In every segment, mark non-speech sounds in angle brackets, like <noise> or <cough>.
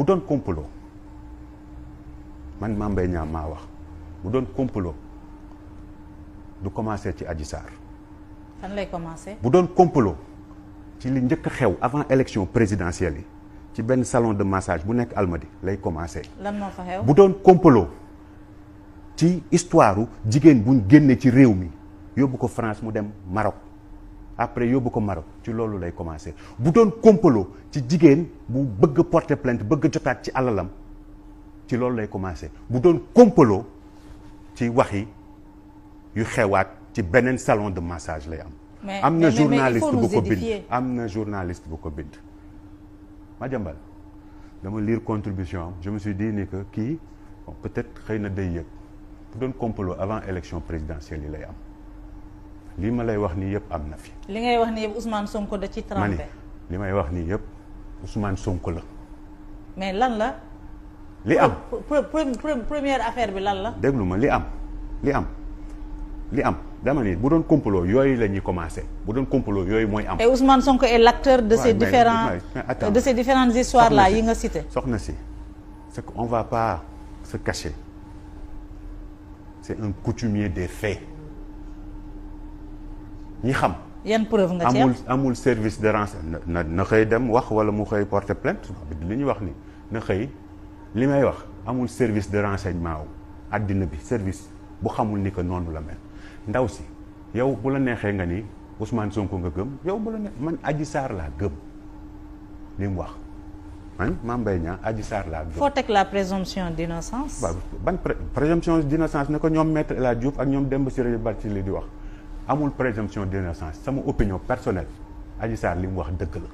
bu doon complot man Mame Mbaye Niang maa wax bu doon complot du commencer ci Adji Sarr. lay commencer. bu doon complot ci li njëkk xew avant élection présidentielle yi ci benn salon de massage bu nekk Almadi lay commencer. lan moo fa bu doon complot ci histoire jigéen buñ génne ci réew mi yóbbu ko France mu dem Maroc. après yóbbu ko Maroc ci loolu lay commencer bu doon complot ci jigéen bu bëgg porter plainte bëgg jotaat ci alalam ci loolu lay commencer bu doon complot ci wax yi yu xewaat ci beneen salon de massage lay am. am na journaliste bu ko bind am na journaliste bu ko bind. Madiambal dama liir contribution am je me suis dit ni que kii bon peut xëy na day yëg bu doon complot avant élection présidentielle yi lay am. li ma lay wax nii yëpp am na fi. li ngay wax nii yëpp Ousmane Sonko da ci trempé. li may wax nii yëpp Ousmane Sonko la. mais lan la. li am première affaire bi lan la. déglu ma li am li am li am dama ni bu doon complot yooyu la ñuy commencé bu doon complot yooyu mooy am. et Ousmane Sonko et l'acteur de ces différents de ces différentes histoires là yi nga cité. soxna si c'est qu'on va pas se cacher c'est un coutumier des faits. ñi xam. yan preuve nga ci amul amul service de renseignement na na xëy dem wax wala mu xëy porter plainte li ñu wax ni na xëy li may wax amul service de renseignement wu àddina bi service bu xamul ni que noonu la mel ndaw si yow bu la neexee nga ni Ousmane Sonko nga gëm yow bu la ne man Adji Sarr laa gëm li mu wax man Mame Mbaye Niang Adji Sarr laa gëm. foo teg la présomption d'innocence. waaw ban présomption d'innocence ne ko ñoom maître El Hadj Diouf ak ñoom di wax. amul présomption d'innocence sama opinion personnelle Adji Sarr li mu wax dëgg la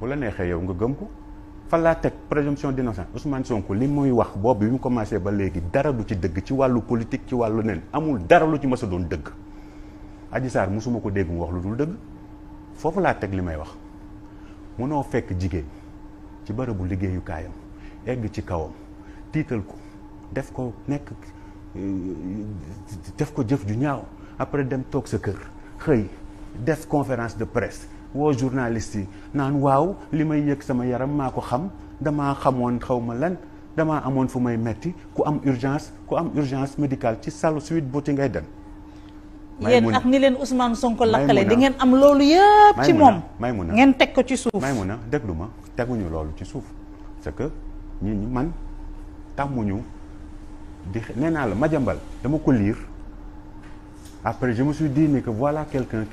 bu la neexee nga gëm ko fan laa teg présomption d'innocence Ousmane Sonko li muy wax bi mu commencé ba léegi dara du ci dëgg ci wàllu politique ci wàllu nen amul dara lu ci mës a doon dëgg Adji Sarr mosuma ko dégg mu wax lu dul dëgg foofu laa teg li may wax mënoo fekk jigéen ci bërëbu liggéeyukaayam egg ci kawam tiital ko def ko nekk def ko jëf ju ñaaw après dem toog sa kër xëy def conférence de presse woo journaliste yi naan waaw li may yëg sama yaram maa ko xam damaa xamoon xaw ma lan damaa amoon fu may metti ku am urgence ku am urgence médical ci salu suite bu ci ngay dem. yéen ak ni leen Ousmane Sonko lakkale di ngeen am loolu yëpp ci moom may mun a ngeen teg ko ci suuf may mun a déglu ma teguñu loolu ci suuf c'est que ñi man tàmmuñu di nee naa la jàmbal dama ko liir après je me di dit ni que voilà quelqu'un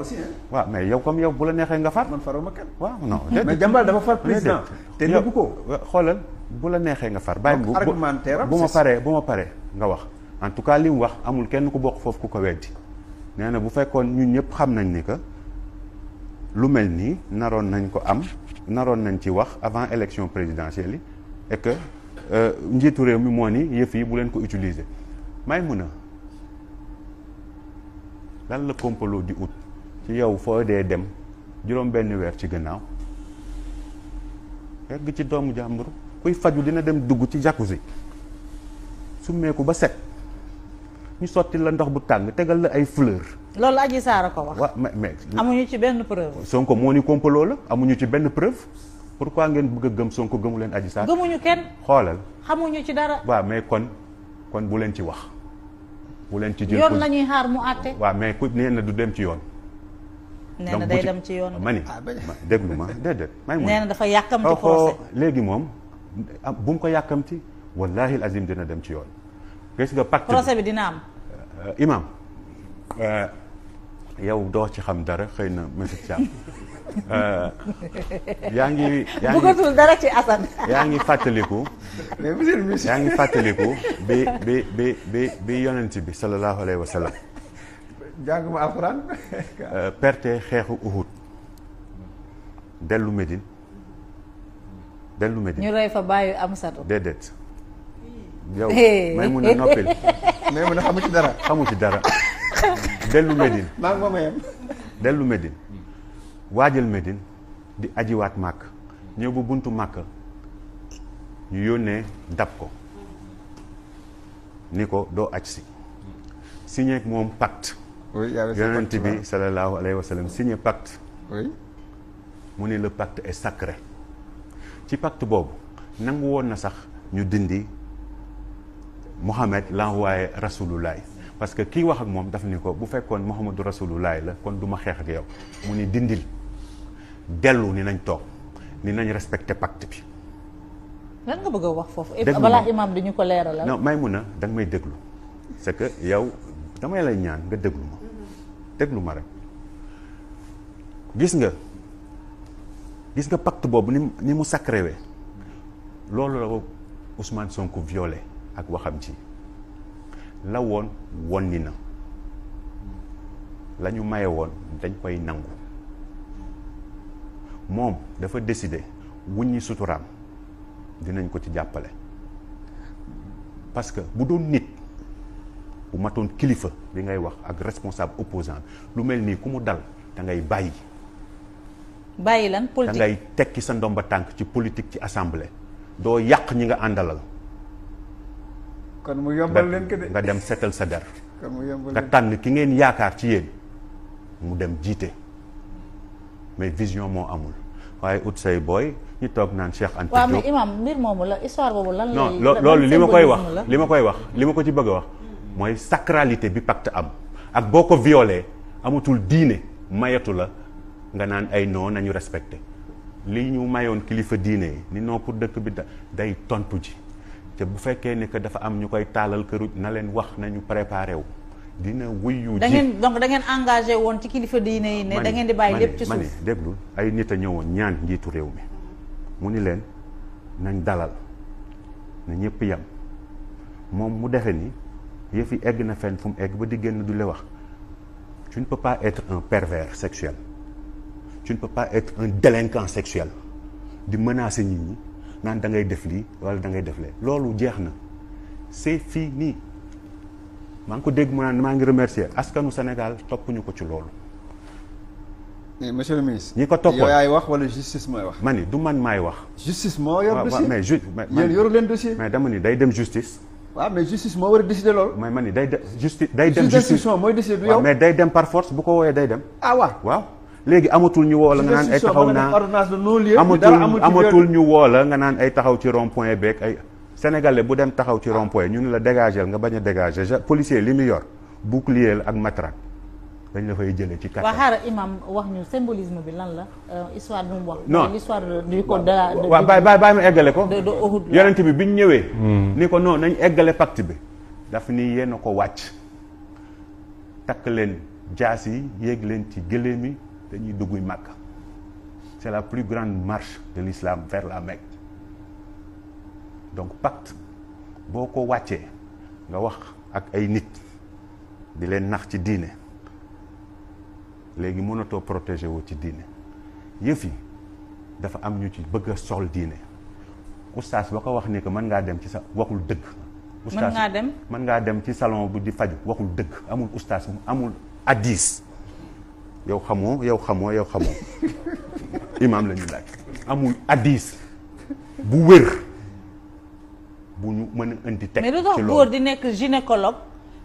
aussi waaw mais yow comme yow bu la neexee nga far. man faroo ma kenn. waaw non déedéet Madiambal dafa far président. te nëbbu ko xoolal bu la neexee nga far. bàyyi bu bu ma paree bu ma paree nga wax. en tout cas li wax amul kenn ku bokk foofu ku ko weddi nee na bu fekkoon ñun ñëpp xam nañ ni que lu mel nii naroon nañ ko am naroon nañ ci wax avant élection présidentielle yi et Euh, njiitu réew mi moo ni yëf yi bu leen ko utiliser may mun a lan la kompaloo di ut ci yow foo dee dem juróom benn weer ci gannaaw egg ci doomu jàmbur kuy faju dina dem dugg ci si summeeku ba set ñu sotti la ndox bu tàng tegal la ay fleur loolu Adji Sarr a ko wax. waaw mais mais. amuñu ci benn preuve. Sonko moo ni kompaloo la amuñu ci benn preuve. pour pourquoi ngeen bëgg a gëm ko gëmu leen Adji Sarr. gëmuñu kenn xoolal. xamuñu ci dara. waaw mais kon kon bu leen ci wax. bu leen ci jël yoon la xaar mu àtte. waaw mais ku nee na du dem ci yoon. nee na day dem ci yoon ah, ma ni ah, déglu ma déedéet. may mu nee na dafa yàkkamti forcé oh, oh, léegi moom ah, bu mu ko yàkkamti wallahi al azim dina dem ci yoon. gis nga pacte procès bi dina am. Euh, imam euh, yow doo ci xam dara xëy na monsieur Thiam <laughs> euh, yaa ngi. yaa ngi bëggatul dara ci Assane. yaa ngi fàttaliku. yaa ngi fàttaliku bi bi bi bi bi bi sallallahu alayhi wa sallam. jànguma alxuraan. Euh, perte xeexu Uhud. dellu Médine. dellu Médine ñu rey fa bàyyi am satu. déedéet. may mun a noppil. may mun a xamu ci dara xamu ci dara. <laughs> dellu Médine waajal medin di ajiwaat màkk ñëw bu buntu màkk ñu yónnee dab ko ni ko doo aj si signé ak moom pacte yonent bi sallallahu alayhi wa sallam signé mu ne le pacte est sacré ci pacte boobu nangu woon na sax ñu dindi Mohamed l'envoyé Rasulullah parce que kii wax ak moom daf ni ko bu fekkoon Muhammadu Rasulullaay la kon duma ma xeex ak yow mu ni dindil dellu ni nañ toog ni nañ respecté pacte bi. lan nga bëgg a wax foofu. balaa imaam dañu ko leeralal. non may mun a da may déglu c'est que yow damay lay ñaan nga déglu ma déglu ma rek gis nga gis nga pacte boobu ni ni mu sacréwee loolu la Ousmane Sonko violé ak waxam ji la woon wonni na la ñu maye woon dañ koy nangu moom dafa décider wuññi suturaam dinañ ko ci jàppale parce que bu doon nit bu matoon kilifa bi ngay wax ak responsable opposant lu mel nii ku mu dal da ngay bàyyi bàyyi lan politique da ngay tekki sa ndomba tànk ci politique ci assemblée doo yàq ñi nga àndalal kon mu yombal leen nga dem setal sa der kon mu yombal nga tànn ki ngeen yaakaar ci yéen mu dem jiite mais vision moo amul waaye ut say booy ñu toog naan Cheikh Anta Diop waaw mais imam mbir moomu la histoire boobu lan non loolu li ma koy wax li ma koy wax li ma ko ci bëgg a wax mooy sacralité bi pacte am ak boo ko violé amatul diine mayatu la nga naan ay non nañu respecté li ñu mayoon kilifa diine yi ni non pour dëkk bi da day tontu ji te bu fekkee ne que dafa am ñu koy taalal këruj na leen wax nañu préparé wu dina wuyu ji da donc da ngeen engagé woon ci kilifa diine yi ne da di bàyyi lépp ci suuf ma ne déglu ay nit a ñëwoon ñaan njiitu réew mi mu ni leen nañ dalal na ñëpp yam moom mu defe ni yëf yi egg na fenn fu mu egg ba di génn du le wax tu ne peux pas être un pervers sexuel tu ne peux un délinquant sexuel di menacer nit ñi naan da ngay def lii wala da ngay def lee loolu jeex na c'est fini maa ngi ko dégg mu naan maa ngi remercier askanu Sénégal ñu ko ci loolu. mais monsieur ko toppoon yaay wax wala justice mooy wax. ma ni du man maay wax. justice moo yor dossier mais yoru leen dossier. mais dama ni day dem justice. waaw mais justice moo war a décider loolu. mais ma ni day de justice. day dem justice juge mooy décider du yow. mais day dem par force bu ko wooyee day dem. ah waaw. léegi amatul ñu woola la nga naan ay taxaw naa amatul amatul ñu woo la nga naan ay taxaw ci rond beek ay sénégalais bu dem taxaw ci rond ñu ni la dégagel nga bañ a dégager policier li mu yor bouclier la ak matraque dañ la fay jëlee ci kàttan. waaw xaaral imam wax ñu symbolisme bi lan la euh, histoire bi mu wax. non l'histoire du ko de la. waaw bàyyi bàyyi ma eggale ko. de de Uhud la yonent bi bi ñu ñëwee. Hmm. ni ko non nañ eggale pacte bi. daf ni yéen a ko wàcc takk leen jaas yi yéeg leen ci gëléem yi dañuy dugg màkk c'est la plus grande marche de l'islam vers la Mecque donc pacte boo ko wàccee nga wax ak ay nit di leen nax ci diine léegi mënatoo protéger wu ci diine yëf yi dafa am ñu ci bëgg a sol diine oustaz ba ko wax ni que mën ngaa dem ci sa waxul dëgg. oustaz mën ngaa dem mën ngaa dem ci salon bu di faj waxul dëgg amul oustaz amul addis. yow xamoo yow xamoo yow xamoo imaam la ñuy laaj amul hadis bu wér bu ñu mën a indi teg. ci loolu mais lu tax góor di nekk gynécologue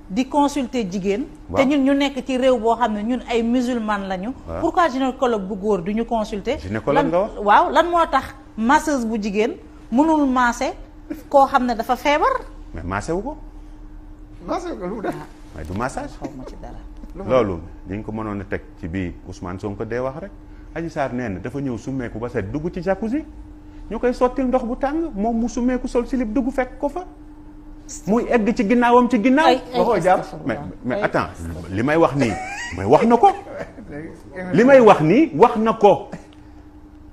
di consulter jigéen. te ñun ñu nekk ci réew boo xam ne ñun ay musulman lañu. waaw pourquoi gynécologue bu góor du ñu consulter. gynécologue nga waaw lan moo tax masseuse bu jigéen mënul maase koo xam ne dafa feebar. mais maase wu ko. maase wu ko lu def. waaye ah, massage. xaw ma ci dara. loolu dañ ko mënoon a teg ci biir bii Ousmane Sonko dee wax rek Adji Sarr nee na dafa ñëw summeeku ba set dugg ci si ñu koy sottil ndox bu tàng moom mu summeeku sol silib dugg fekk ko fa muy egg ci ginnaawam ci ginnaaw ba koo jàpp mais mais attends li may wax nii <laughs> mais wax na ko li may wax nii wax na ko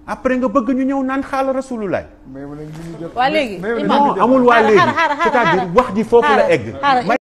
après nga bëgg ñu ñëw naan xaal rasulullah waa léegi non amul waa léegi cest à wax ji foofu la egg